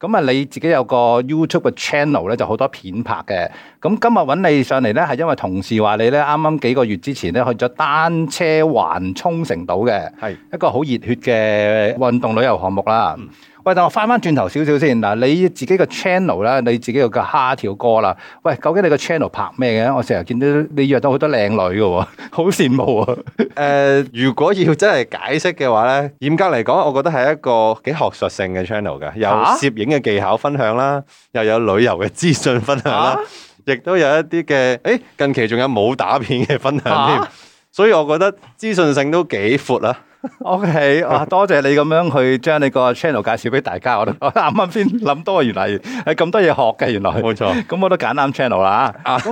咁啊，你自己有個 YouTube 嘅 channel 咧，就好多片拍嘅。咁今日揾你上嚟咧，係因為同事話你咧，啱啱幾個月之前咧去咗單車環沖繩島嘅，係是一個好熱血嘅運動旅遊項目啦。嗯。但，我翻翻轉頭少少先嗱，你自己個 channel 啦，你自己個蝦條哥啦。喂，究竟你個 channel 拍咩嘅？我成日見到你約到好多靚女嘅，好羨慕啊！誒，如果要真係解釋嘅話咧，嚴格嚟講，我覺得係一個幾學術性嘅 channel 嘅，有攝影嘅技巧分享啦，又有旅遊嘅資訊分享啦，亦都有一啲嘅，誒，近期仲有武打片嘅分享添。所以，我覺得資訊性都幾闊啦。O K，啊，多謝你咁樣去將你個 channel 介紹俾大家，我都啱啱先諗多，原來係咁多嘢學嘅，原來冇錯。咁 我都揀啱 channel 啦。啊，咁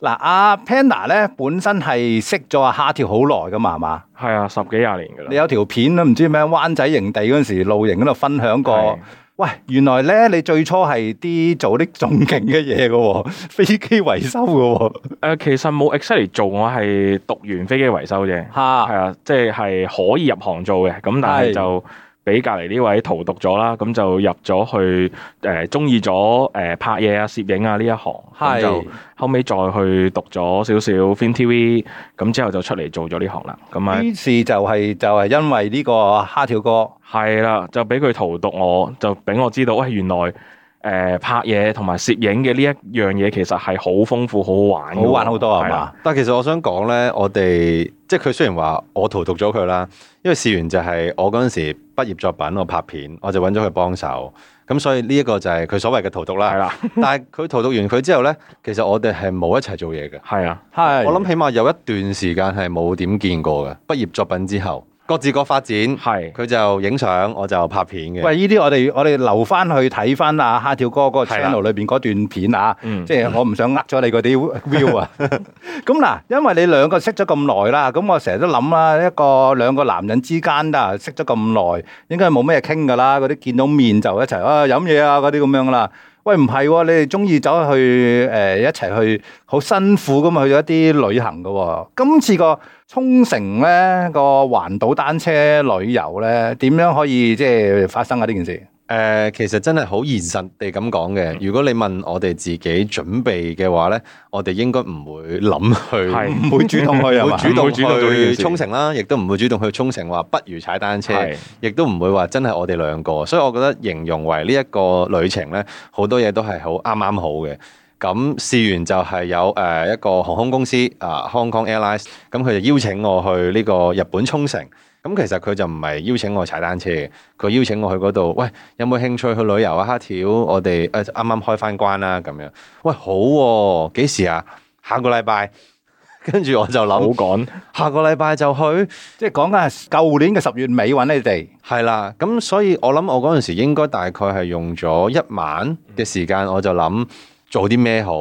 嗱，阿 Panda 咧本身係識咗阿蝦條好耐噶嘛，係嘛？係啊，十幾廿年噶啦。你有條片都唔知咩灣仔營地嗰陣時露營嗰度分享過。喂，原來咧你最初係啲做啲仲勁嘅嘢㗎，飛機維修㗎。誒、呃，其實冇 Excel 做，我係讀完飛機維修啫。吓，係啊，即係係可以入行做嘅，咁但係就。俾隔離呢位荼毒咗啦，咁就入咗去誒，中意咗誒拍嘢啊、攝影啊呢一行，咁就的後尾再去讀咗少少 Film TV，咁之後就出嚟做咗呢行啦。咁啊，於是就係、是、就係、是、因為呢個蝦條哥，係啦，就俾佢荼毒，我就俾我知道，喂，原來。誒、呃、拍嘢同埋攝影嘅呢一樣嘢其實係好豐富，好玩，好玩好多係嘛是的？但係其實我想講咧，我哋即係佢雖然話我荼毒咗佢啦，因為試完就係我嗰陣時畢業作品我拍片，我就揾咗佢幫手，咁所以呢一個就係佢所謂嘅荼毒啦。係啦，但係佢荼毒完佢之後咧，其實我哋係冇一齊做嘢嘅。係啊，係。我諗起碼有一段時間係冇點見過嘅畢業作品之後。各自各發展，係佢是就影相，我就拍片嘅。喂，呢啲我哋我哋留翻，去睇翻啊，蝦條哥個 channel 裏邊嗰段片啊，即係我唔想呃咗你嗰啲 view 啊。咁嗱，嗯，因為你兩個識咗咁耐啦，咁我成日都諗啦，一個兩個男人之間啊，識咗咁耐，應該冇咩傾㗎啦，嗰啲見到面就一齊啊飲嘢啊嗰啲咁樣啦。喂，唔係喎，你哋中意走去誒、呃、一齊去好辛苦咁去咗一啲旅行嘅喎、哦，今次個沖繩咧，個環島單車旅遊咧，點樣可以即係發生啊呢件事？誒、呃，其實真係好現實地咁講嘅。如果你問我哋自己準備嘅話咧，我哋應該唔會諗去，唔會主動去，唔會主動主動去沖繩啦，亦都唔會主動去沖繩話不如踩單車，亦都唔會話真係我哋兩個。所以我覺得形容為呢一個旅程咧，好多嘢都係好啱啱好嘅。咁試完就係有誒一個航空公司啊，Hong Kong Airlines，咁佢就邀請我去呢個日本沖繩。咁其實佢就唔係邀請我踩單車嘅，佢邀請我去嗰度。喂，有冇興趣去旅遊啊？蝦條，我哋誒啱啱開翻關啦，咁樣。喂，好喎，啊，幾時啊？下個禮拜。跟 住我就諗， 好趕，下個禮拜就去， 即係講緊係舊年嘅十月尾揾你哋。係啦，咁所以我諗我嗰陣時應該大概係用咗一晚嘅時間，我就諗做啲咩好。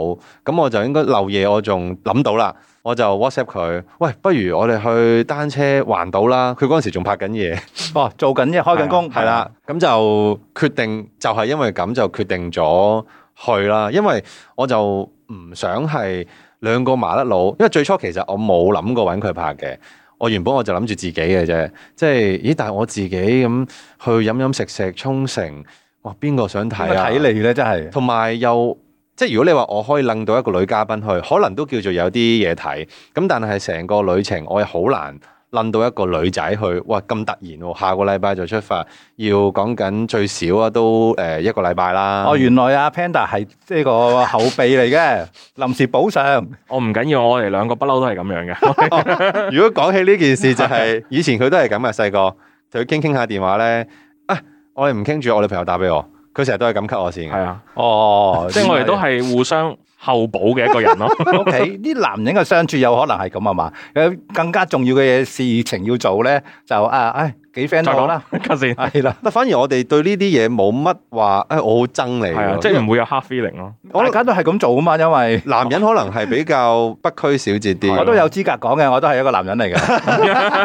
咁我就應該漏夜我，我仲諗到啦。我就 WhatsApp 佢，喂，不如我哋去單車環島啦！佢嗰陣時仲拍緊嘢，哦，做緊嘢，開緊工，係啦，咁就決定就係、是、因為咁就決定咗去啦。因為我就唔想係兩個麻甩佬，因為最初其實我冇諗過揾佢拍嘅。我原本我就諗住自己嘅啫，即係咦，但係我自己咁去飲飲食食沖繩，哇，邊個想睇啊？睇你呢真係，同埋又。即係如果你話我可以揦到一個女嘉賓去，可能都叫做有啲嘢睇。咁但係成個旅程，我又好難揦到一個女仔去。哇！咁突然，下個禮拜就出發，要講緊最少啊都誒一個禮拜啦。哦，原來阿 Panda 係呢個後備嚟嘅，臨 時補償。我唔緊要，我哋兩個不嬲都係咁樣嘅。如果講起呢件事，就係以前佢都係咁啊，細個就佢傾傾下電話咧。啊，我哋唔傾住，我女朋友打俾我。佢成日都係咁給我先嘅，係啊，哦， 即係我哋都係互相後補嘅一個人咯。 OK，啲男人嘅相處有可能係咁啊嘛，有更加重要嘅事情要做呢，就啊，哎。幾 friend 到啦，家先係啦。反而我哋對呢啲嘢冇乜話，誒，我好憎你，啊，即係唔會有 hard feeling 咯。大家都係咁做啊嘛，因為男人可能係比較不拘小節啲。我都有資格講嘅，我都係一個男人嚟嘅。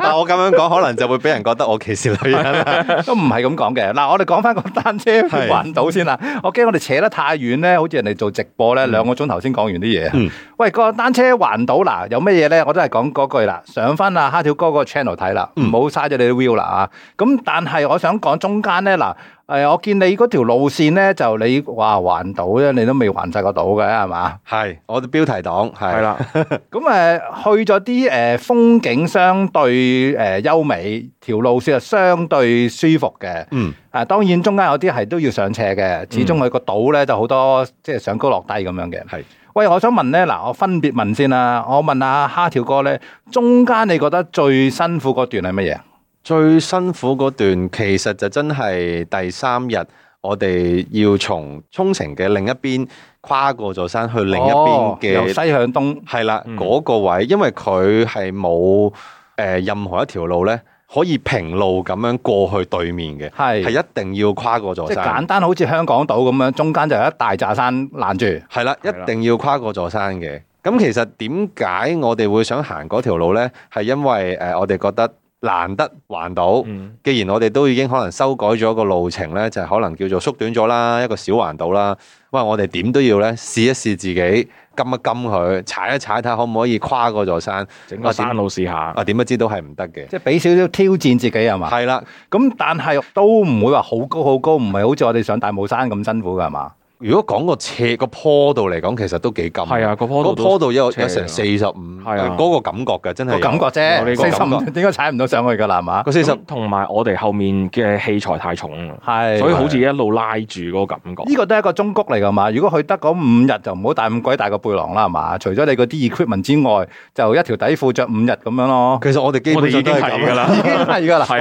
但我咁樣講可能就會俾人覺得我歧視女人。都唔係咁講嘅。嗱，我哋講翻個單車環島先啦。我驚我哋扯得太遠咧，好似人哋做直播咧兩個鐘頭先講完啲嘢。喂，個單車環島嗱，有乜嘢咧？我都係講嗰句啦，上翻阿蝦條哥個 channel 睇啦，唔好嘥咗你啲 view 啦。咁但係我想講中間咧嗱，誒、呃，我見你嗰條路線咧，就你話環島啫，你都未環晒個島嘅係嘛？係我哋標題黨係。係啦，咁誒是的 去咗啲誒風景相對誒優美，條路線係相對舒服嘅。嗯。啊，當然中間有啲係都要上斜嘅，始終佢個島咧就好多即係上高落低咁樣嘅。係、嗯。喂，我想問咧，嗱、呃，我分別問先啦，我問阿蝦條哥咧，中間你覺得最辛苦嗰段係乜嘢？最辛苦嗰段，其實就真係第三日，我哋要從沖繩嘅另一邊跨過座山、哦、去另一邊嘅由西向東，係啦嗰個位，因為佢係冇誒任何一條路咧，可以平路咁樣過去對面嘅，係係是一定要跨過座山，是即係簡單好似香港島咁樣，中間就有一大座山攔住，係啦了，了一定要跨過座山嘅。咁其實點解我哋會想行嗰條路咧？係因為誒，我哋覺得。難得環島，既然我哋都已經可能修改咗個路程咧，就係、是、可能叫做縮短咗啦，一個小環島啦。喂，我哋點都要咧試一試自己，撳一撳佢，踩一踩睇可唔可以跨過座山，整個山路試下。我點、啊啊、不知都係唔得嘅，即係俾少少挑戰自己係嘛。係啦，咁的但係都唔會話好高好高，唔係好似我哋上大帽山咁辛苦噶係嘛。如果講個斜個坡度嚟講，其實都幾勁。係啊，個坡度有有成四十五，嗰個感覺㗎真係。個感覺啫，我哋四十五點解踩唔到上去㗎啦，係嘛？個四十同埋我哋後面嘅器材太重啦，所以好似一路拉住嗰個感覺。呢個都係一個中谷嚟㗎嘛。如果佢得嗰五日就唔好帶咁鬼大個背囊啦，係嘛？除咗你嗰啲 equipment 之外，就一條底褲着五日咁樣咯。其實我哋基本，我哋已經係㗎啦，已經係㗎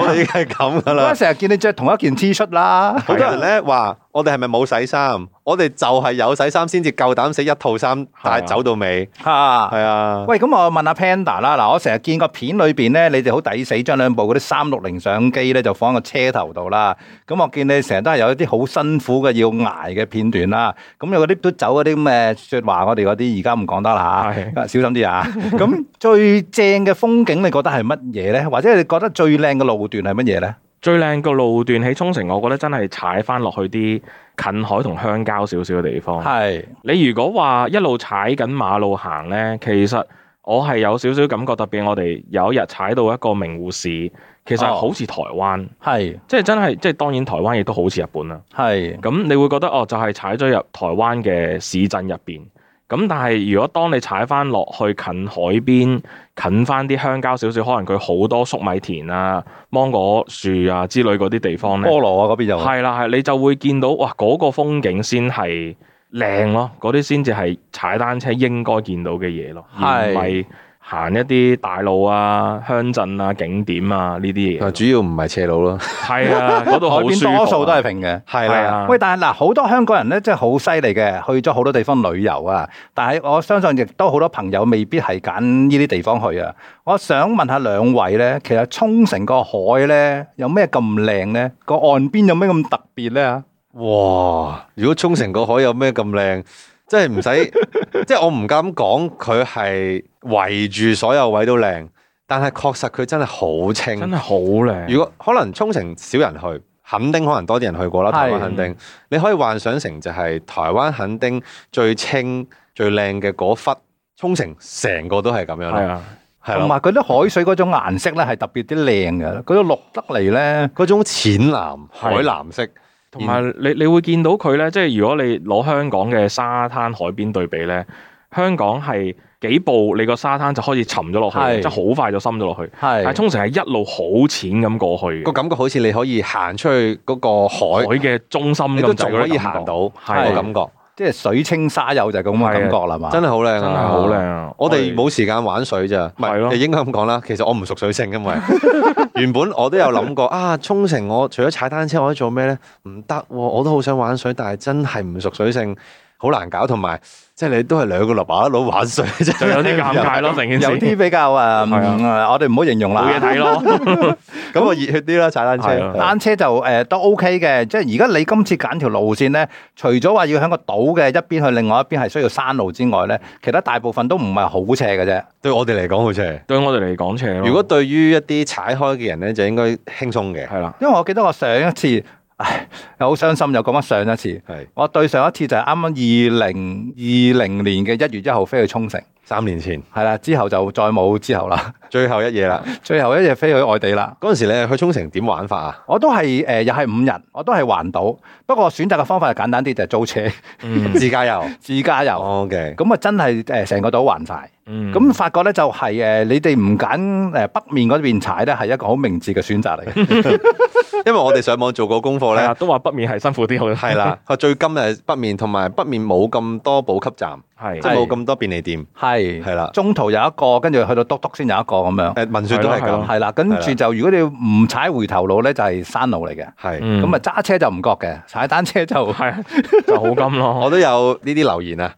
啦，已經係咁㗎啦。我成日見你着同一件 T 恤啦，好多人咧話，我哋係咪冇洗衫？我哋就係有洗衫先至夠膽死一套衫，但係走到尾。哈，係啊。啊啊喂，咁我問下 Panda 啦。嗱，我成日見個片裏邊咧，你哋好抵死將兩部嗰啲三六零相機咧，就放喺個車頭度啦。咁我見你成日都係有一啲好辛苦嘅要挨嘅片段啦。咁有啲都走嗰啲咩嘅說話我，我哋嗰啲而家唔講得啦。係是小心啲啊！咁 最正嘅風景你覺得係乜嘢咧？或者你覺得最靚嘅路段係乜嘢咧？最靚個路段喺沖繩，我覺得真係踩返落去啲近海同鄉郊少少嘅地方。係是你如果話一路踩緊馬路行呢，其實我係有少少感覺，特別我哋有一日踩到一個名護市，其實好似台灣，係、哦、即係真係是即係當然台灣亦都好似日本啦。係咁是你會覺得哦，就係踩咗入台灣嘅市鎮入邊。咁但係如果當你踩翻落去近海邊，近翻啲鄉郊少少，可能佢好多粟米田啊、芒果樹啊之類嗰啲地方咧，菠蘿啊嗰邊就係啦，係你就會見到哇，嗰個風景先係靚咯，嗰啲先至係踩單車應該見到嘅嘢咯，而唔係是。行一啲大路啊、鄉鎮啊、景點啊呢啲嘢，主要唔係斜路咯。係啊，嗰度海邊多數都係平嘅。係啊，啊喂，但係嗱，好、呃、好多香港人咧，真係好犀利嘅，去咗好多地方旅遊啊。但係我相信亦都好多朋友未必係揀呢啲地方去啊。我想問下兩位呢，其實沖繩個海呢有咩咁靚呢？個岸邊有咩咁特別呢？哇！如果沖繩個海有咩咁靚？即係唔使。 即係我唔敢講佢係圍住所有位都靚，但係確實佢真係好清，真係好靚。如果可能沖繩少人去，墾丁可能多啲人去過啦，台灣墾丁，是你可以幻想成就係台灣墾丁最清最靚嘅嗰忽，沖繩成個都係咁樣啦，係啊，同埋佢啲海水嗰種顏色咧係特別啲靚嘅，嗰啲綠得嚟咧嗰種淺藍海藍色。唔係，現你，你會見到佢咧，即係如果你攞香港嘅沙灘海邊對比咧，香港係幾步你個沙灘就開始沉咗落去，是即係好快就深咗落去。係是，但係通常係一路好淺咁過去，個感覺好似你可以行出去個個海嘅中心咁，都仲可以行到，係，個感覺。是即係水清沙幼就係咁嘅感覺啦嘛，的真係好靚，真係好靚。的我哋冇時間玩水咋，係咯是的，你應該咁講啦。其實我唔熟水性，因為 原本我都有諗過 啊，沖繩我除咗踩單車，我可以做咩咧？唔得、啊，我都好想玩水，但係真係唔熟水性。好難搞，同埋即係你都係兩個立把佬玩水，就有啲尷 有尬咯。成件事 有啲比較誒，嗯、 我哋唔好形容啦，冇嘢睇咯。咁我熱血啲啦，踩單車。的單車就誒、呃、都 OK 嘅，即係而家你今次揀條路線咧，除咗話要喺個島嘅一邊去，另外一邊係需要山路之外咧，其他大部分都唔係好斜嘅啫。對我哋嚟講，好斜係對我哋嚟講斜咯。如果對於一啲踩開嘅人咧，就應該輕鬆嘅。係啦的，因為我記得我上一次。唉，又好傷心，又講返上一次。係是，我對上一次就係啱啱二零二零年嘅一月一號飛去沖繩，三年前係啦，之後就再冇之後啦。最後一夜啦，最後一夜飛去外地啦。嗰陣時你去沖繩點玩法啊？我都係誒、呃，又係五日，我都係環島，不過選擇嘅方法就簡單啲，就係、是、租車，自駕遊，自駕遊。O K，咁啊真係誒，成個島環晒。嗯，咁發覺咧就係、是、誒，你哋唔揀誒北面嗰邊踩咧，係一個好明智嘅選擇嚟。 因為我哋上網做過功課咧， 都話北面係辛苦啲，好係啦。最今日係北面，同埋北面冇咁多補給站。係，即係冇咁多便利店。係，係啦，中途有一個，跟住去到督篤先有一個咁樣。誒，民宿都係咁。係啦，跟住就如果你唔踩回頭路咧，就係山路嚟嘅。係，咁啊揸車就唔覺嘅，踩單車就係就好咁咯。我都有呢啲留言啊。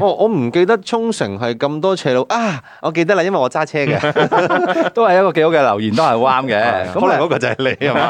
我唔記得沖繩係咁多斜路啊，我記得啦，因為我揸車嘅，都係一個幾好嘅留言，都係好啱嘅。可能嗰個就係你係嘛？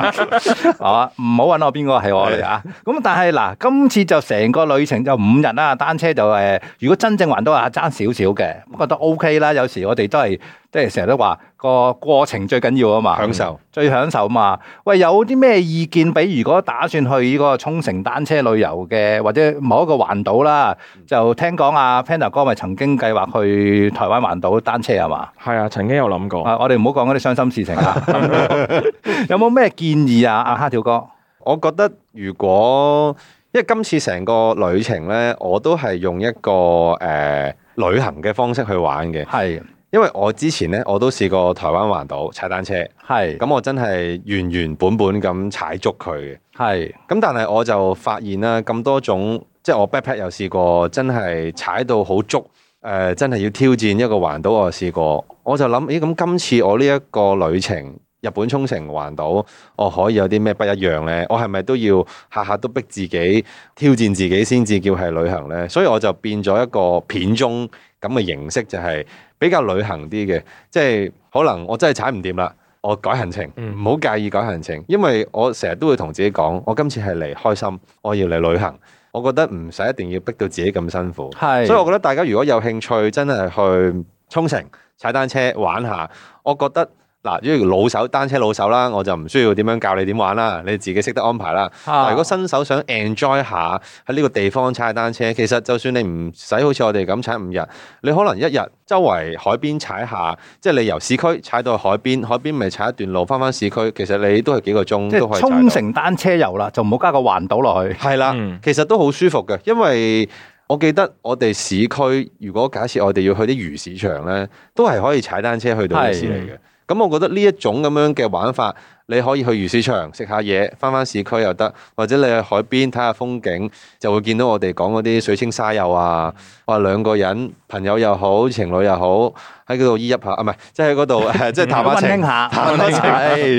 啊，唔好搵我邊個係我嚟啊！咁但係嗱，今次就成個旅程就五日啦，單車就誒，如果真正環島啊，爭少少嘅，覺得 OK 啦。有時我哋都係，即係成日都話個過程最緊要啊嘛，享受最享受嘛。喂，有啲咩意見俾？比如果打算去呢個沖繩單車旅遊嘅，或者某一個環島啦，嗯、就聽講阿 Panda 哥咪曾經計劃去台灣環島單車係嘛？係啊，曾經有諗過啊。我哋唔好講嗰啲傷心事情啊。 有冇咩建議啊？阿蝦條哥，我覺得如果。即係今次成個旅程咧，我都係用一個誒、呃、旅行嘅方式去玩嘅。係，是的 因為我之前咧，我都試過台灣環島踩單車。係，咁我真係原原本本咁踩足佢嘅。係，咁但係我就發現啦，咁多種，即係我 backpack 又試過真、呃，真係踩到好足。誒，真係要挑戰一個環島，我試過。我就諗，咦，咁今次我呢一個旅程，日本沖繩環島，我可以有啲咩不一樣呢？我係咪都要下下都逼自己挑戰自己先至叫係旅行呢？所以我就變咗一個片中咁嘅形式，就係、是、比較旅行啲嘅。即係可能我真係踩唔掂啦，我改行程，唔好、嗯、介意改行程。因為我成日都會同自己講，我今次係嚟開心，我要嚟旅行。我覺得唔使一定要逼到自己咁辛苦。是的 所以我覺得大家如果有興趣，真係去沖繩踩單車玩下，我覺得。嗱，如老手單車老手啦，我就唔需要點樣教你點玩啦，你自己識得安排啦。如果新手想 enjoy 下喺呢個地方踩單車，其實就算你唔使好似我哋咁踩五日，你可能一日周圍海邊踩下，即係你由市區踩到海邊，海邊咪踩一段路，翻翻市區，其實你都係幾個鐘都可以踩。即係沖繩單車遊啦，就唔好加個環島落去。係啦、嗯，其實都好舒服嘅，因為我記得我哋市區，如果假設我哋要去啲魚市場咧，都係可以踩單車去到魚市嚟嘅。咁、嗯、我覺得呢一種咁樣嘅玩法，你可以去魚市場食下嘢，返返市區又得，或者你去海邊睇下風景，就會見到我哋講嗰啲水清沙幼啊！我話兩個人，朋友又好，情侶又好，喺嗰度依一下啊，唔係即係喺嗰度即係談下情， 嗯、聽下談情，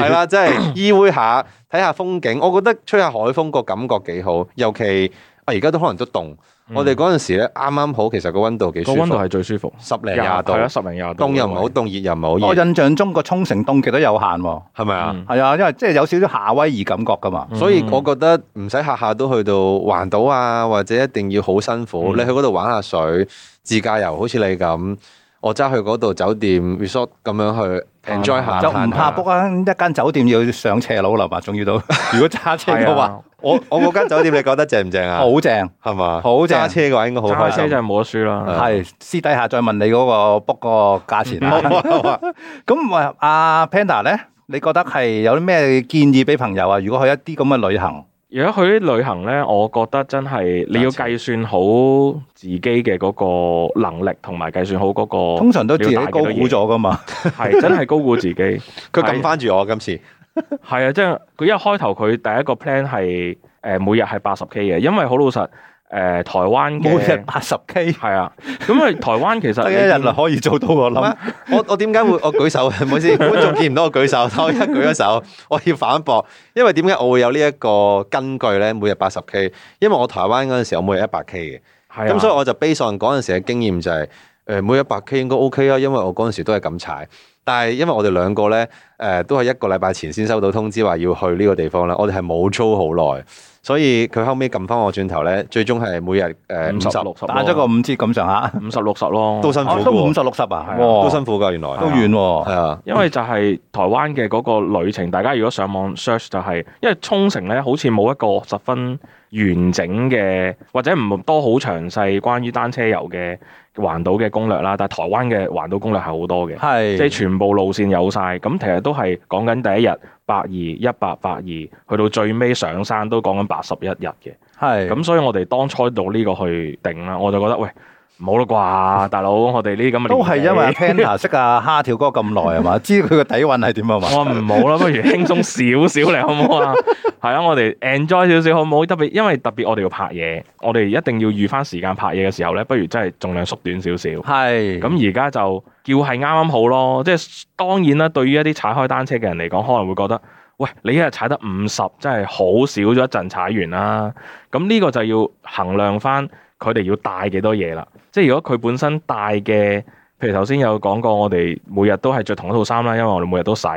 係啦， 即係、即係、依偎下，睇下風景，我覺得吹下海風個感覺幾好，尤其。而家、啊、都可能都凍，嗯、我哋嗰陣時咧，啱啱好，其實個溫度幾舒服，溫度係最舒服，十零廿度，係啊，十零廿度，凍又唔好凍，熱又唔好熱。我印象中個沖繩凍極都有限，係咪啊？係啊，嗯、啊，因為即係有少少夏威夷感覺噶嘛，嗯、所以我覺得唔使下下都去到環島啊，或者一定要好辛苦，嗯、你去嗰度玩下水，自駕遊，好似你咁。我揸去嗰度酒店 resort 咁樣去 enjoy 下，就唔怕 book 啊！一間酒店要上斜路啦嘛，仲要到。如果揸車嘅話，啊、我我嗰間酒店你覺得正唔正啊？好正棒，係嘛吧？好正。揸車嘅話應該好開心。揸車就冇得輸啦。係、嗯、私底下再問你嗰、那個 book 個價錢啦。咁 啊，阿、啊 uh, Panda 咧，你覺得係有啲咩建議俾朋友啊？如果去一啲咁嘅旅行？如果去啲旅行咧，我覺得真係你要計算好自己嘅嗰個能力，同埋計算好嗰個。通常都自己高估咗㗎嘛，係 真係高估自己。佢撳翻住我今次，係啊是，即係佢一開頭佢第一個 plan 係誒每日係八十 k 嘅，因為好老實。誒、呃，台灣每日八十 K，係啊，咁啊，台灣其實 第一日啊可以做到我諗是， 我我點解會我舉手唔好意思，觀 眾見唔到我舉手，但我一舉一手，我要反駁，因為點解我會有呢一個根據咧？每日八十 K，因為我台灣嗰陣時我每日一百 K 嘅，咁是、啊、所以我就 base on 嗰陣時嘅經驗就係，誒每日一百 K 應該 OK 啊，因為我嗰陣時都係咁踩，但係因為我哋兩個咧，誒、呃、都係一個禮拜前先收到通知話要去呢個地方啦，我哋係冇租好耐。所以佢後尾撳翻我轉頭咧，最終係每日誒五十六十，呃、50, 60，打咗個五折咁上下，五十六十咯，都辛苦，都五十六十啊，都, 50，啊啊都辛苦噶原來，啊、都遠喎、啊，啊啊、因為就係台灣嘅嗰個旅程，大家如果上網 search 就係、是，因為沖繩咧好似冇一個十分完整嘅，或者唔多好詳細關於單車遊嘅環島嘅攻略啦，但係台灣嘅環島攻略係好多嘅，是即係全部路線有晒。咁其實都係講緊第一日八二一八八二，去到最尾上山都講緊八十一日嘅，咁是所以我哋當初到呢個去定啦，我就覺得喂。冇啦啩，大佬，我哋呢啲咁嘅都係因為 Panda 識阿蝦條哥咁耐係嘛， 知佢個底蘊係點係嘛。 我唔好啦，不如輕鬆少少嚟，好唔好啊？係啊， 我哋 enjoy 少少好唔好？特別，因為特別我哋要拍嘢，我哋一定要預翻時間拍嘢嘅時候咧，不如真係盡量縮短少少。係咁而家就叫係啱啱好咯，即係當然啦。對於一啲踩開單車嘅人嚟講，可能會覺得喂，你一日踩得五十，真係好少咗一陣踩完啦，啊。咁、這、呢個就要衡量翻佢哋要帶幾多嘢啦。即係如果佢本身帶嘅，譬如頭先有講過，我哋每日都係着同一套衫啦，因為我哋每日都洗。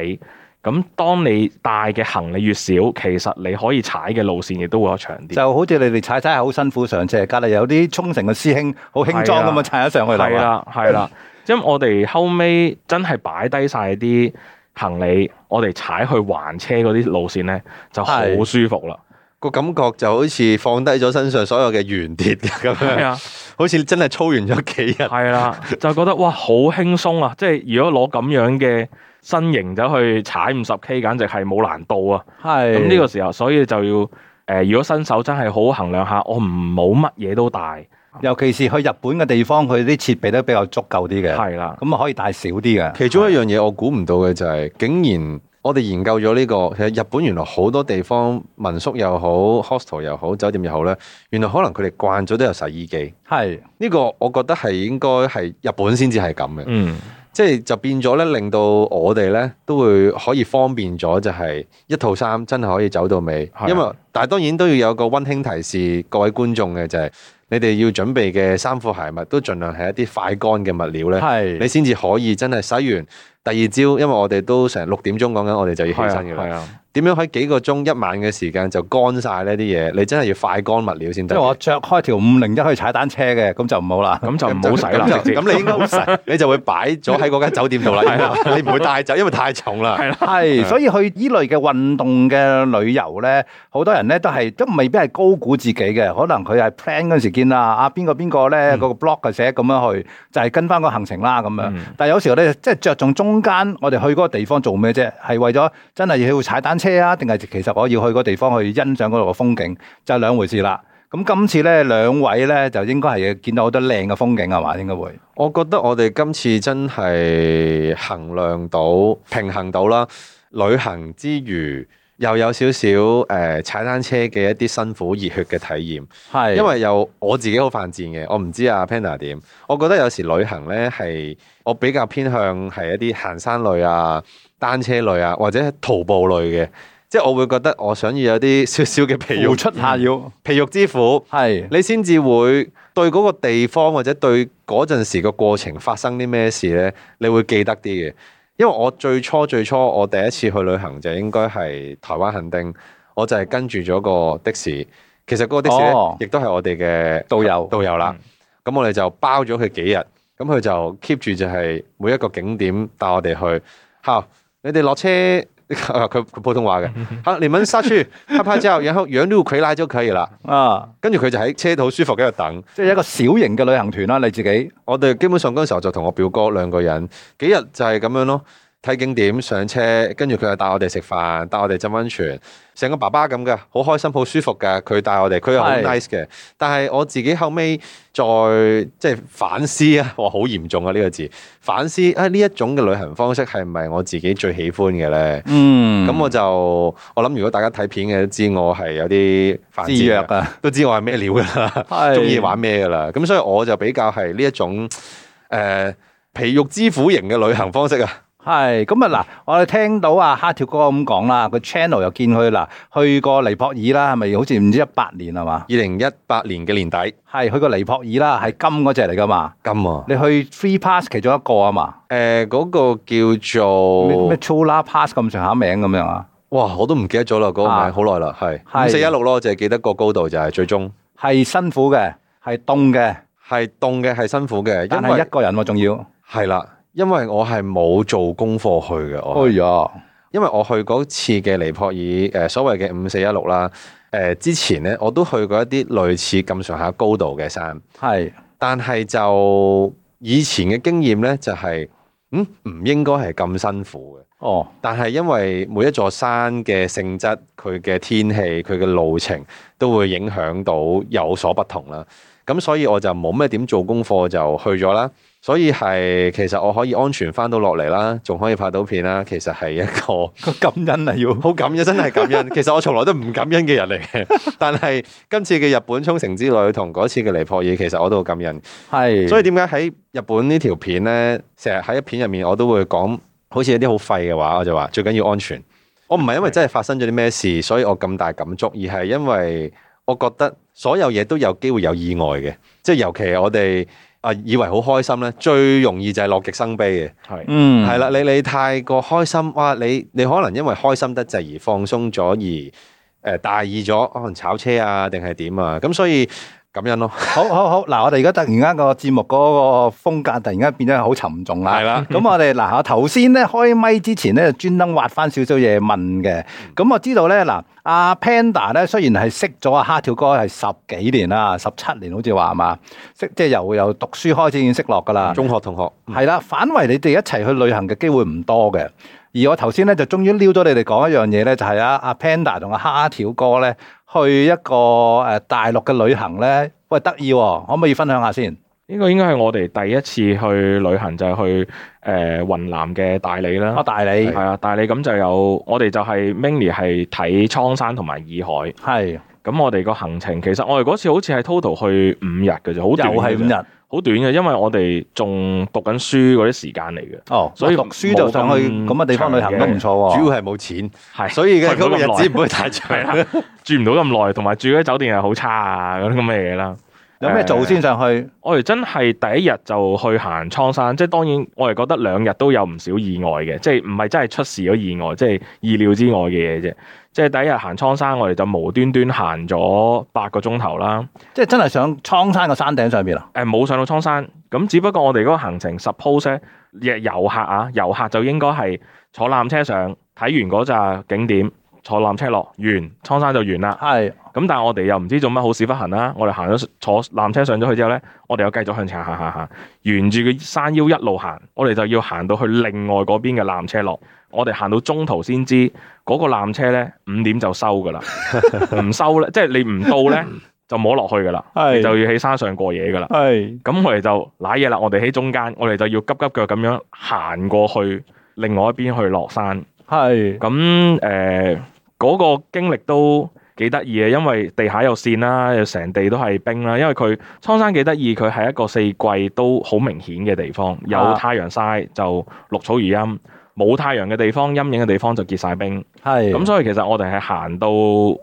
咁當你帶嘅行李越少，其實你可以踩嘅路線亦都會有長啲。就好似你哋踩踩係好辛苦上斜，隔離有啲沖繩嘅師兄好輕裝咁樣踩咗上去啦。係啦、啊，係啦吧。啊啊、 因為我哋後尾真係擺低晒啲行李，我哋踩去環車嗰啲路線咧就好舒服啦。個、啊、感覺就好似放低咗身上所有嘅原鐵咁樣。 好似真係操完咗幾日，係啦，就覺得哇好輕鬆啊！即係如果攞咁樣嘅身形走去踩五十 K，簡直係冇難度啊！係咁呢個時候，所以就要誒、呃，如果新手真係好好衡量下，我唔好乜嘢都帶，尤其是去日本嘅地方，佢啲設備都比較足夠啲嘅，係啦的，咁可以帶少啲嘅。的其中一樣嘢我估唔到嘅就係、是，竟然。我哋研究咗呢個，其實日本原來好多地方民宿又好、hostel 又好、酒店又好咧，原來可能佢哋慣咗都有洗衣機。係呢是個，我覺得係應該係日本先至係咁嘅。嗯，即係就變咗咧，令到我哋咧都會可以方便咗，就係一套衫真係可以走到尾。是因為但係當然都要有個溫馨提示各位觀眾嘅就係，你哋要準備嘅衫褲鞋襪都儘量係一啲快乾嘅物料咧。係是，你先至可以真係洗完。第二朝，因為我哋都成六點鐘講緊，我哋就要起身㗎啦。點樣喺幾個鐘一晚嘅時間就乾晒呢啲嘢？你真係要快乾物料先得。即係我着開條五零一去踩單車嘅，咁就唔好啦，咁就唔好使啦。咁 就接你應該好使， 你就會擺咗喺嗰間酒店度啦。 你唔會帶走，因為太重啦。係，所以去依類嘅運動嘅旅遊咧，好多人咧都係都未必係高估自己嘅。可能佢係 plan 嗰陣時見啊啊邊個邊個咧嗰、嗯、個 blog 嘅寫咁樣去，就係、是、跟翻個行程啦咁樣。但係有時候咧，即係着重中間我哋去嗰個地方做咩啫？係為咗真係要去踩單車。車啊，定係其實我要去個地方去欣賞嗰度嘅風景，就係兩回事啦。咁今次呢兩位呢，就應該係見到好多靚嘅風景係嘛？應該會。我覺得我哋今次真係衡量到，平衡到啦。旅行之餘又有少少誒、呃、踩單車嘅一啲辛苦熱血嘅體驗，係的因為有我自己好犯賤嘅。我唔知阿 Panda 點，我覺得有時旅行呢係我比較偏向係一啲行山類啊。單車類啊，或者徒步類嘅，即係我會覺得我想要有啲少少嘅皮肉出下，要 皮肉之苦，係是你先至會對嗰個地方或者對嗰陣時個過程發生啲咩事咧，你會記得啲嘅。因為我最初最初我第一次去旅行就應該係台灣，墾丁。我就係跟住咗個的士，其實嗰個的士咧亦都係我哋嘅導遊導遊啦。咁、嗯、我哋就包咗佢幾日，咁佢就 keep 住就係每一個景點帶我哋去，吓。你哋落車，佢、啊、佢普通話嘅，好、 啊，你們下去，拍牌之後，然後養路回來就可以啦。啊，跟住佢就喺車度好舒服喺度等，即係一個小型嘅旅行團啦、啊。你自己，我哋基本上嗰時候就同我表哥兩個人，幾日就係咁樣咯。睇景點上車，跟住佢又帶我哋食飯，帶我哋浸溫泉，成個爸爸咁噶，好開心、好舒服噶。佢帶我哋，佢又好 nice 嘅。的但係我自己後尾再即係反思啊，我好嚴重啊呢個字反思啊呢一種嘅旅行方式係唔係我自己最喜歡嘅咧？嗯，咁我就我諗如果大家睇片嘅都知我係有啲反思啊，都知我係咩料噶啦，中意的玩咩噶啦。咁所以我就比較係呢一種誒、呃、皮肉之苦型嘅旅行方式啊。係咁啊！嗱，我哋聽到啊，蝦條哥咁講啦，個 channel 又見佢啦，去過尼泊爾啦，係咪？好似唔知一八年係嘛？二零一八年嘅年底，係去過尼泊爾啦，係金嗰隻嚟㗎嘛？金啊！你去 three pass 其中一個啊嘛？誒、欸，嗰、那個叫做咩？咩 Tola Pass 咁上下名咁樣啊？哇！我都唔記得咗啦，嗰個名好耐啦，係五四一六咯，淨係記得個高度就係、是、最終。係辛苦嘅，係凍嘅，係凍嘅，係辛苦嘅。但係一個人喎、啊，仲要係啦。因為 因為我係冇做功課去嘅，我，因為我去嗰次嘅尼泊爾，誒、呃、所謂嘅五四一六啦，誒之前咧我都去過一啲類似咁上下高度嘅山，係，是，但係就以前嘅經驗咧就係、是，嗯唔應該係咁辛苦嘅，哦，但係因為每一座山嘅性質、佢嘅天氣、佢嘅路程都會影響到有所不同啦，咁所以我就冇咩點做功課就去咗啦。所以係，其實我可以安全翻到落嚟啦，仲可以拍到片啦。其實係一個 感恩啊，要好感恩，真係感恩， 其感恩。其實我從來都唔感恩嘅人嚟嘅，但係今次嘅日本沖繩之旅同嗰次嘅尼泊爾，其實我都好感恩。係是，所以點解喺日本呢條片呢？成日喺一片入面，我都會講好似一啲好廢嘅話，我就話最緊要安全。我唔係因為真係發生咗啲咩事，所以我咁大感觸，而係因為我覺得所有嘢都有機會有意外嘅，即係尤其我哋。啊！以為好開心咧，最容易就係樂極生悲嘅。係，嗯，係啦，你你太過開心，哇！你你可能因為開心得滯而放鬆咗，而誒大意咗，可能炒車啊，定係點啊？咁所以。感恩咯，好，好好好，嗱我哋而家突然間個節目嗰個風格突然間變咗好沉重啦，係啦，咁我哋嗱我頭先咧開咪之前咧專登挖翻少少嘢問嘅，咁我知道咧嗱阿 Panda 咧雖然係識咗阿蝦條哥係十幾年啦，十七年好似話嘛，識即係由由讀書開始已經識落噶啦，中學同學係啦、嗯，反為你哋一齊去旅行嘅機會唔多嘅，而我頭先咧就終於撩咗你哋講一樣嘢咧，就係、是、啊阿 Panda 同阿蝦條哥咧。去一個誒、呃、大陸嘅旅行咧，喂，得意、哦，可唔可以分享下先？呢個應該係我哋第一次去旅行，就係、是、去誒、呃、雲南嘅大理啦。啊，大理係啊，大理咁就有我哋就係 mini 係睇蒼山同埋洱海。係。咁我哋個行程其實我哋嗰次好似係 total 去五日嘅啫，好又係五日，好短嘅，因為我哋仲讀緊書嗰啲時間嚟嘅，哦，所以讀書就上去咁嘅地方旅行都唔錯，主要係冇錢，係是，所以嘅嗰個日子唔會 太長，住唔到咁耐，同埋住嗰啲酒店係好差啊，嗰啲咁嘅嘢啦。有咩做先上去？ 呃、我哋真係第一日就去行蒼山，即係當然我哋覺得兩日都有唔少意外嘅，即係唔係真係出事咗意外，即係意料之外嘅嘢啫。即係第一日行蒼山，我哋就無端端行咗八個鐘頭啦。即係真係上蒼山個山頂上面啊？誒、呃，冇上到蒼山，咁只不過我哋嗰個行程，suppose 嘅遊客啊，遊客就應該係坐纜車上，睇完嗰紮景點，坐纜車落，完蒼山就完啦。係。咁但係我哋又唔知做乜好事不行啦，我哋行咗坐纜車上咗去之後咧，我哋又繼續向前行行行，沿住個山腰一路行，我哋就要行到去另外嗰邊嘅纜車落。我哋行到中途先知嗰、嗰個纜車咧五點就收噶啦，唔 收咧，即係你唔到咧就摸落去噶啦， 你就要喺山上過夜噶啦。係咁 我哋就瀨嘢啦，我哋喺中間，我哋就要急急腳咁樣行過去另外一邊去落山。係咁誒，嗰、呃嗰個經歷都～幾得意啊，因為地下有線啦，又成地都係冰啦。因為佢蒼山幾得意，佢係一個四季都好明顯嘅地方，有太陽曬就綠草如茵；冇太陽嘅地方、陰影嘅地方就結晒冰。係咁的，所以其實我哋係行到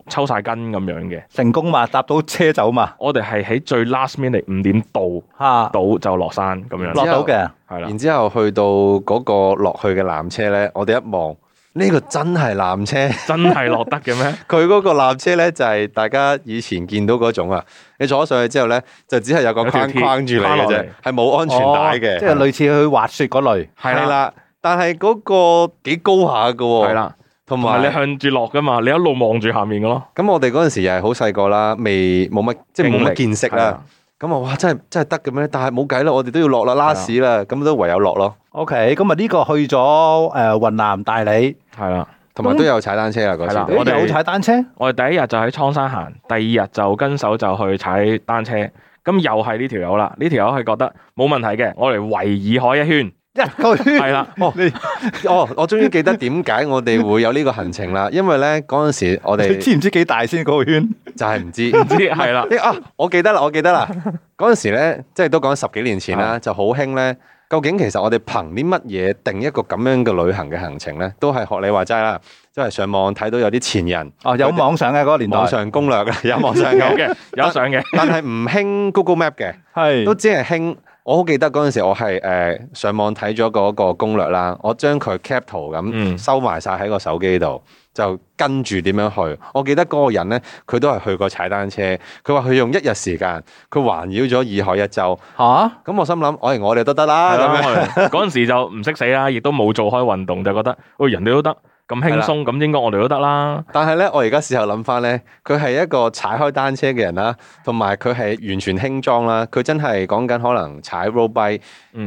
抽晒筋咁的樣嘅。成功嘛，搭到車走嘛。我哋係喺最 last minute 五點到，吓的到就落山咁樣。落到嘅係啦，的然後之後去到嗰個落去嘅纜車咧，我哋一望。呢個真係纜車，真係落得嘅咩？佢嗰個纜車咧就係大家以前見到嗰種啊，你坐咗上去之後咧，就只係有個框框住你嘅啫，係冇安全帶嘅，即係類似去滑雪嗰類。係啦，但係嗰個幾高下㗎喎。係啦，同埋你向住落㗎嘛，你一路望住下面㗎咯。咁我哋嗰陣時又係好細個啦，未冇乜即係冇乜見識啦。咁，哇真係真係得嘅咩？但係冇計啦，我哋都要落啦，拉屎啦，咁都唯有落咯。O K，咁啊呢個去咗誒雲南大理係啦，同埋都有踩單車啊嗰次我哋好踩單車。我哋第一日就喺蒼山行，第二日就跟手就去踩單車。咁又係呢條友啦，呢條友係覺得冇問題嘅。我哋圍洱海一圈，一個圈係啦。哦，我終於記得點解我哋會有呢個行程啦。因為呢嗰陣時我哋知唔知幾大先？嗰個圈就係唔知，唔知係啦。啊，我記得啦，我記得啦。嗰陣時咧，即係都講十幾年前啦，就好興呢。究竟其實我哋憑啲乜嘢定一個咁樣嘅旅行嘅行程咧？都係學你話齋啦，即、就、係、是、上網睇到有啲前人哦，有網上嘅嗰、那個年代，網上攻略嘅，有網上嘅，有上嘅， 但係唔興 Google Map 嘅，係 是都只係興。我好記得嗰陣時我，我係誒上網睇咗嗰個攻略啦，我將佢 cap 圖咁收埋晒喺個手機度。嗯就跟住點樣去？我記得嗰個人呢，佢都係去過踩單車。佢話佢用一日時間，佢環繞咗洱海一周。嚇、啊！咁我心諗，哎，我哋都得啦。嗰陣、啊、 時就唔識死啦，亦都冇做開運動，就覺得，喂、哎，人哋都得咁輕鬆，咁的應該我哋都得啦。但係呢，我而家事後諗翻呢，佢係一個踩開單車嘅人啦，同埋佢係完全輕裝啦。佢真係講緊可能踩 road bike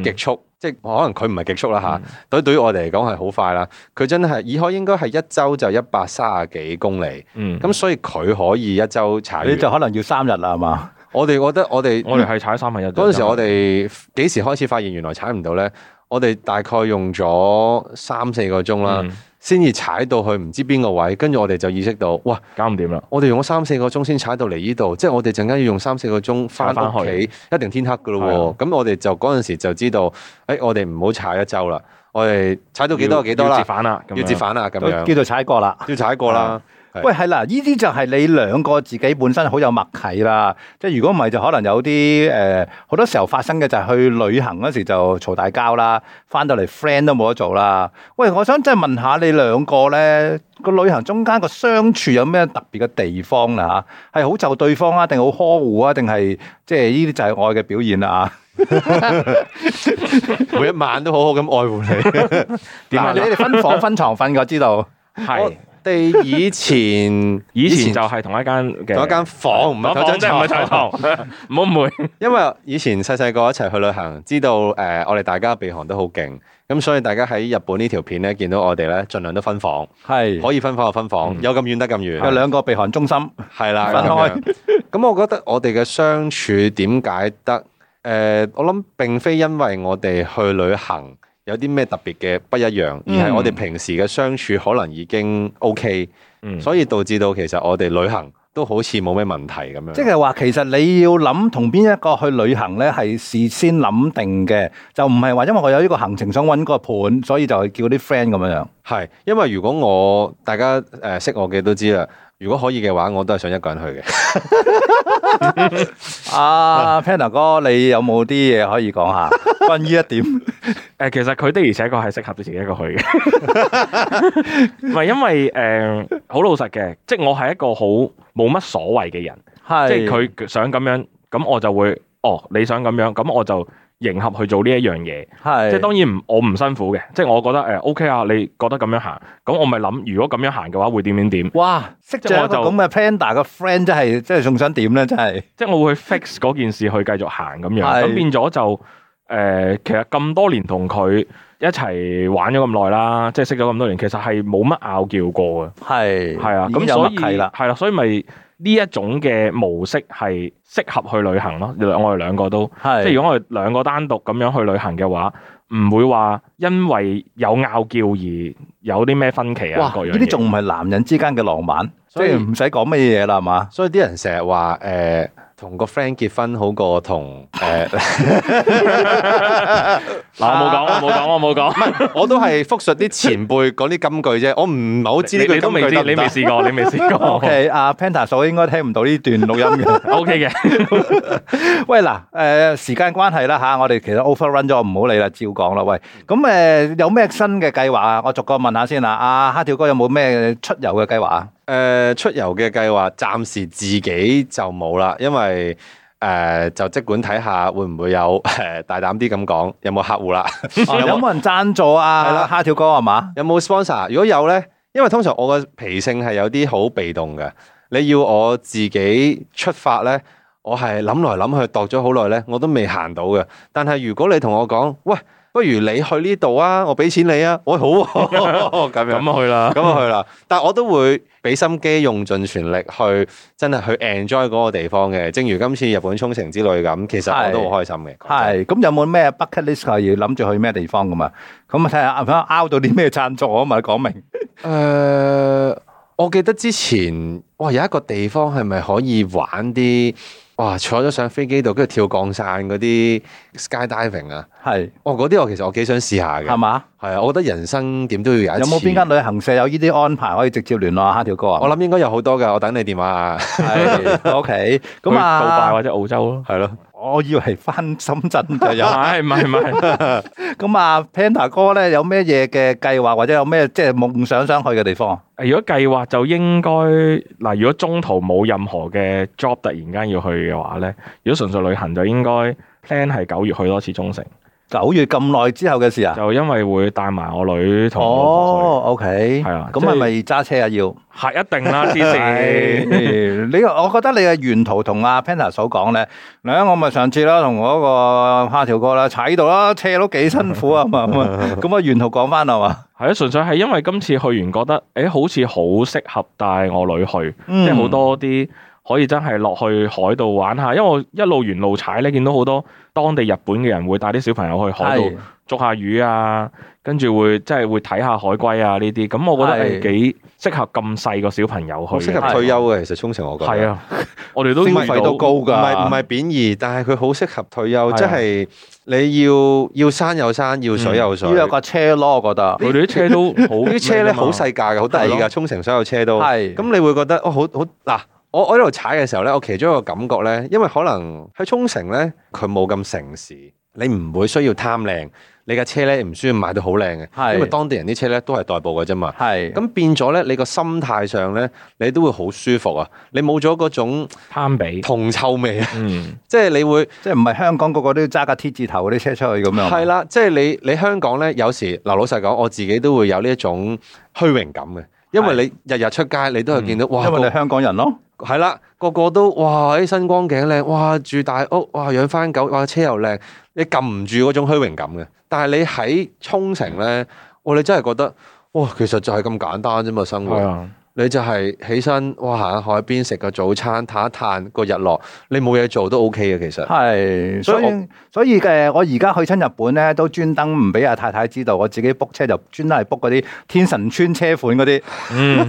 極速。嗯即係可能佢唔係極速啦吓，所、嗯、對，對於我哋嚟講係好快啦。佢真係，以海應該係一周就一百三十幾公里，咁、嗯、所以佢可以一周踩。你就可能要三日啦，係嘛？我哋覺得我哋我哋係踩三分一、嗯。嗰陣時我哋幾時開始發現原來踩唔到咧？我哋大概用咗三四個鐘啦。嗯先至踩到去唔知邊個位，跟住我哋就意識到，哇！搞唔掂啦！我哋用咗三四個鐘先踩到嚟呢度，即係我哋陣間要用三四個鐘翻屋企，一定天黑噶咯喎。咁的我哋就嗰陣時就知道，誒、哎、我哋唔好踩一周啦，我哋踩到幾多就幾多啦，要折返啦，要折返啦，咁樣叫做踩過啦，要踩過啦。嗯喂，係啦，呢啲就係你兩個自己本身好有默契啦。即係如果唔係，就可能有啲誒，好多時候發生嘅就係去旅行嗰時就嘈大交啦，翻到嚟 friend 都冇得做啦。喂，我想即係問下你兩個咧，個旅行中間個相處有咩特別嘅地方啦、啊？吓係好就對方啊，定好呵護啊，定係即係呢啲就係愛嘅表現啦、啊？ 每一晚都好好咁愛護你，點 啊？你哋分房分床瞓嘅知道係。 我哋以前以前，以前就係同一間嘅，同一間房唔係，頭枕係咪頭枕？唔好誤會，因為以前細細個一齊去旅行，知道誒，我哋大家鼻鼾都好勁，咁所以大家喺日本呢條片咧見到我哋咧，盡量都分房，係可以分房就分房，有咁遠得咁遠，的有兩個鼻鼾中心，係啦分開。咁我覺得我哋嘅相處點解得？誒，我諗並非因為我哋去旅行，有啲咩特別嘅不一樣，而係我哋平時嘅相處可能已經 OK，嗯，所以導致到其實我哋旅行都好似冇咩問題咁樣。即係話其實你要諗同邊一個去旅行呢，係事先諗定嘅，就唔係話因為我有呢個行程想揾個伴，所以就叫啲 friend 咁樣。係，因為如果我大家誒識我嘅都知啦。如果可以嘅話，我都係想一個人去嘅。阿、 ah, Panda 哥，你有冇啲嘢可以講下？ 關於一點，誒，其實佢的而且確係適合自己一個去嘅， 唔係因為誒，好、呃、老實嘅，即係我係一個好冇乜所謂嘅人， 即係佢想咁樣，咁我就會，哦，你想咁樣，咁我就。迎合去做呢一樣嘢。是，即係當然唔，我唔辛苦嘅，即係我覺得誒 O K 啊，你覺得咁樣行，咁我咪諗，如果咁樣行嘅話，會點點點？哇！識咗個咁嘅 Panda 個 friend，真係即係仲想點咧？真係，即係我會去 fix 嗰件事，去繼續行咁 樣，咁變咗就誒、呃，其實咁多年同佢一齊玩咗咁耐啦，即係識咗咁多年，其實係冇乜拗撬過嘅，係係是啊，咁所以係啦，所以咪。呢一種嘅模式係適合去旅行咯，我哋兩個都，是即係如果我哋兩個單獨咁樣去旅行嘅話，唔會話因為有拗撬而有啲咩分歧啊！哇，呢啲仲唔係男人之間嘅浪漫，所以唔使講乜嘢啦，係嘛？所以啲人成日話誒。呃同個 friend 結婚好過同誒嗱，我冇講，我冇講，我冇講，我都係復述啲前輩講啲金句啫，我唔係好知，你都未知，你未試過，你未試過。OK，阿 Panda 嫂應該聽唔到呢段錄音嘅。OK 嘅，喂嗱，誒時間關係啦嚇，我哋其實 overrun 咗，唔好理啦，照講啦。喂，咁誒有咩新嘅計劃啊？我逐個問下先啊。阿蝦條哥有冇咩出遊嘅計劃啊？誒、呃，出遊嘅計劃暫時自己就冇啦，因為誒、呃、就即管睇下會唔會有，呃、大膽啲咁講，有冇客戶啦？ 啊、 有冇人贊助啊？係啦，蝦條哥係嘛？有冇 sponsor？如果有咧，因為通常我個脾性係有啲好被動嘅，你要我自己出發咧，我係諗來諗去度咗好耐咧，我都未行到嘅。但係如果你同我講，喂。不如你去呢度啊，我俾錢你啊！喂，好咁樣咁去啦，咁去啦。但係我都會俾心機，用盡全力去，真係去 enjoy 嗰個地方嘅。正如今次日本沖繩之類咁，其實我都好開心嘅。係咁有冇咩 bucket list 啊？要諗住去咩地方㗎嘛？咁啊睇下唔想 out 到啲咩贊助啊嘛，講明。誒，我記得之前哇，有一個地方係咪可以玩啲？哇！坐咗上飛機度，跟住跳降落傘嗰啲 skydiving 啊，係是，我嗰啲我其實我幾想試下嘅。係嘛吧？係啊，我覺得人生點都要有一次。有冇邊間旅行社有呢啲安排？可以直接聯絡蝦條哥啊。我諗應該有好多㗎，我等你電話。O K，咁啊，杜拜或者澳洲咯，係咯。我以為翻深圳就 有，唔係唔係，咁啊，Panda 哥咧，有咩嘢嘅計劃或者有咩即係夢想想去嘅地方？如果計劃就應該嗱，如果中途冇任何嘅 job 突然間要去嘅話咧，如果純粹旅行就應該 plan 係九月去多次中城。九月咁耐之後嘅事啊，就因為會帶埋我女同我女哦，OK，係啊，咁係咪揸車啊？要係一定啦，啲事。你，我覺得你嘅沿途同阿 Panda 所講咧，嗱、哎，我咪上次啦，同嗰個蝦條哥啦，踩度啦，斜都幾辛苦啊嘛咁 啊，沿途講翻啊嘛。係啊，純粹係因為今次去完覺得，誒、哎，好似好適合帶我女去，即係好多啲。可以真係落去海度玩下，因為我一路沿路踩咧，見到好多當地日本嘅人會帶啲小朋友去海度捉下魚啊，跟住會即係會睇下海龜啊呢啲。咁我覺得係幾適合咁細個小朋友去，適合退休嘅。其實沖繩我覺得係啊，我哋都消費都高噶，唔係唔係貶義，但係佢好適合退休，即係你要要山有山，要水有水，要有架車咯。我覺得佢哋啲車都好，啲車咧好細架嘅，好抵噶。沖繩所有車都係，咁你會覺得哦好好嗱。我我喺度踩嘅時候咧，我其中一個感覺咧，因為可能喺沖繩咧，佢冇咁城市，你唔會需要貪靚，你架車咧唔需要買到好靚嘅，是因為當地人啲車咧都係代步嘅啫嘛。係是，咁變咗咧，你個心態上咧，你都會好舒服啊！你冇咗嗰種貪比銅臭味啊，嗯、即係你會即係唔係香港個個都要揸架鐵字頭嗰啲車出去咁樣？係啦、嗯，即係你你香港咧有時嗱老實講，我自己都會有呢一種虛榮感嘅。因為你日日出街，你都係見到，嗯、哇！因為你香港人咯，係啦，個個都哇，啲身光頸靚，哇，住大屋，哇，養翻狗，哇，車又靚，你撳唔住嗰種虛榮感嘅。但係你喺沖繩咧，我哋真係覺得，哇，其實就係咁簡單啫嘛，生活。你就係起身，哇，行下海邊食個早餐，嘆一嘆個日落，你冇嘢做都 O K 嘅其實。係，所以我所以誒，我而家去親日本咧，都專登唔俾阿太太知道，我自己 book 車就專登係 book 嗰啲天神村車款嗰啲，嗯，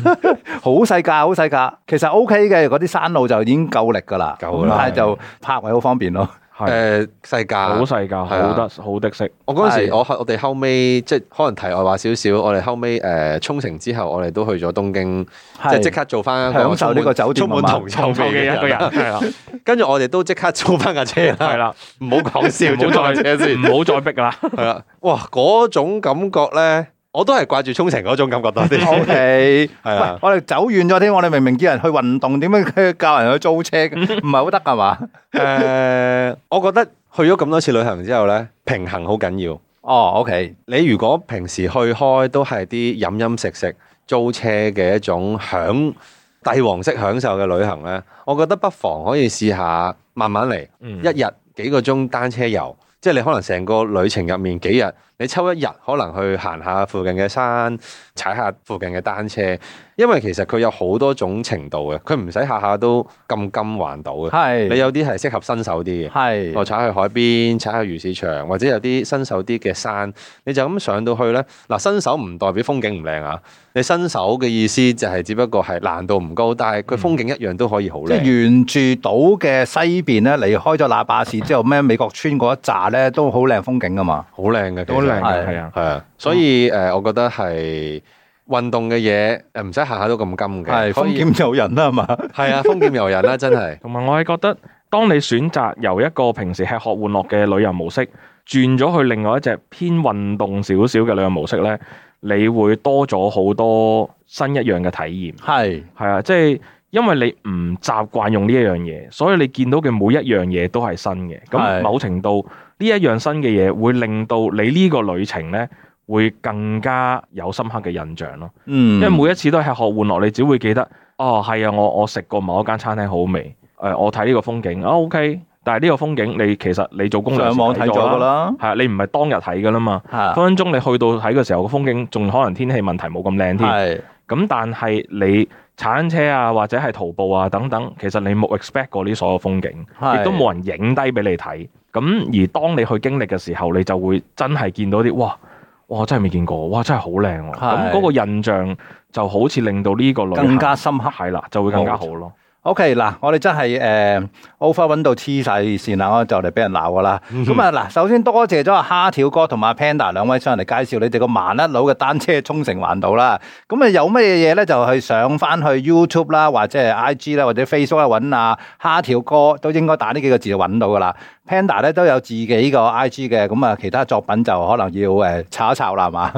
好細架好細架，其實 O K 嘅嗰啲山路就已經夠力噶啦，夠啦，但係就泊位好方便咯。誒、呃、世界，啊、好世界，好得好的色。我嗰陣時我、嗯我，我我哋後尾即係可能題外話少少。我哋後尾誒、呃、沖程繩之後，我哋都去咗東京，是即係即，即刻做翻享受呢個酒店充。充滿同臭味嘅一個人，係啦、啊。跟住 我哋都即刻租翻架車啦，係啦、啊，唔好講笑，唔好再車先，唔好再逼啦，係啦、 嗯。哇，嗰種感覺咧～我都係掛住沖繩嗰種感覺多啲。O K 係啊，我哋走遠咗添，我哋明明叫人去運動，點解教人去租車？唔係好得係嘛？誒，我覺得去咗咁多次旅行之後咧，平衡好緊要。哦，O K，你如果平時去開都係啲飲飲食食、租車嘅一種享帝王式享受嘅旅行咧，我覺得不妨可以試下，慢慢嚟，一日幾個鐘單車遊，即係你可能成個旅程入面幾日。你抽一日可能去行下附近嘅山，踩下附近嘅單車，因為其實佢有好多種程度嘅，佢唔使下下都咁金環島嘅。係是你有啲係適合新手啲嘅。係，我踩去海邊，踩下魚市場，或者有啲新手啲嘅山，你就咁上到去咧。嗱，新手唔代表風景唔靚啊，你新手嘅意思就係只不過係難度唔高，但係佢風景一樣都可以好靚。即係沿住島嘅西邊咧，離開咗那霸市之後，咩美國村嗰一紮咧都好靚風景噶嘛，好靚嘅。係啊，係啊，所以誒，我覺得係運動嘅嘢誒，唔使下下都咁甘嘅，豐儉由人啦，係嘛？係啊，豐儉由人啦，真係。同埋 我係覺得，當你選擇由一個平時吃喝玩樂嘅旅遊模式，轉咗去另外一隻偏運動少少嘅旅遊模式咧，你會多咗好多新一樣嘅體驗。係係啊，即係因為你唔習慣用呢一樣嘢，所以你見到嘅每一樣嘢都係新嘅。咁某程度。呢一樣新嘅嘢會令到你呢個旅程呢會更加有深刻嘅印象咯。因為每一次都係食喝玩樂，你只會記得哦，係啊，我我食過某一間餐廳好味。誒、呃，我睇呢個風景啊，OK。但係呢個風景，哦、okay, 風景你其實你做攻略上網睇咗噶啦，係啊，你唔係當日睇噶啦嘛。係。分分鐘你去到睇嘅時候，個風景仲可能天氣問題冇咁靚添。咁係。但係你踩單車啊，或者係徒步啊等等，其實你冇 expect 過呢所有風景，亦都冇人影低俾你睇。咁而當你去經歷嘅時候，你就會真係見到啲，哇哇，真係未見過，哇真係好靚，咁嗰個印象就好似令到呢個更加深刻，係啦，就會更加好咯。OK，嗱，我哋真係誒 over 揾到黐晒線啦，我就嚟俾人鬧噶啦。咁啊嗱，首先多謝咗蝦條哥同埋 Panda 兩位上嚟介紹你哋個麻甩佬嘅單車沖繩環島啦。咁啊有乜嘢嘢咧，就是、上去上翻去 YouTube 啦，或者係 IG 啦，或者 Facebook 啊揾阿蝦條哥，都應該打呢幾個字就揾到噶啦。Panda 咧都有自己個 I G 嘅，咁啊其他作品就可能要誒查一查啦，係嘛？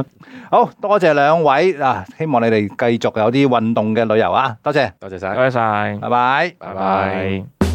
好多謝兩位啊，希望你哋繼續有啲運動嘅旅遊啊，多謝，多謝晒，多謝晒，謝拜拜，拜拜。拜拜拜拜。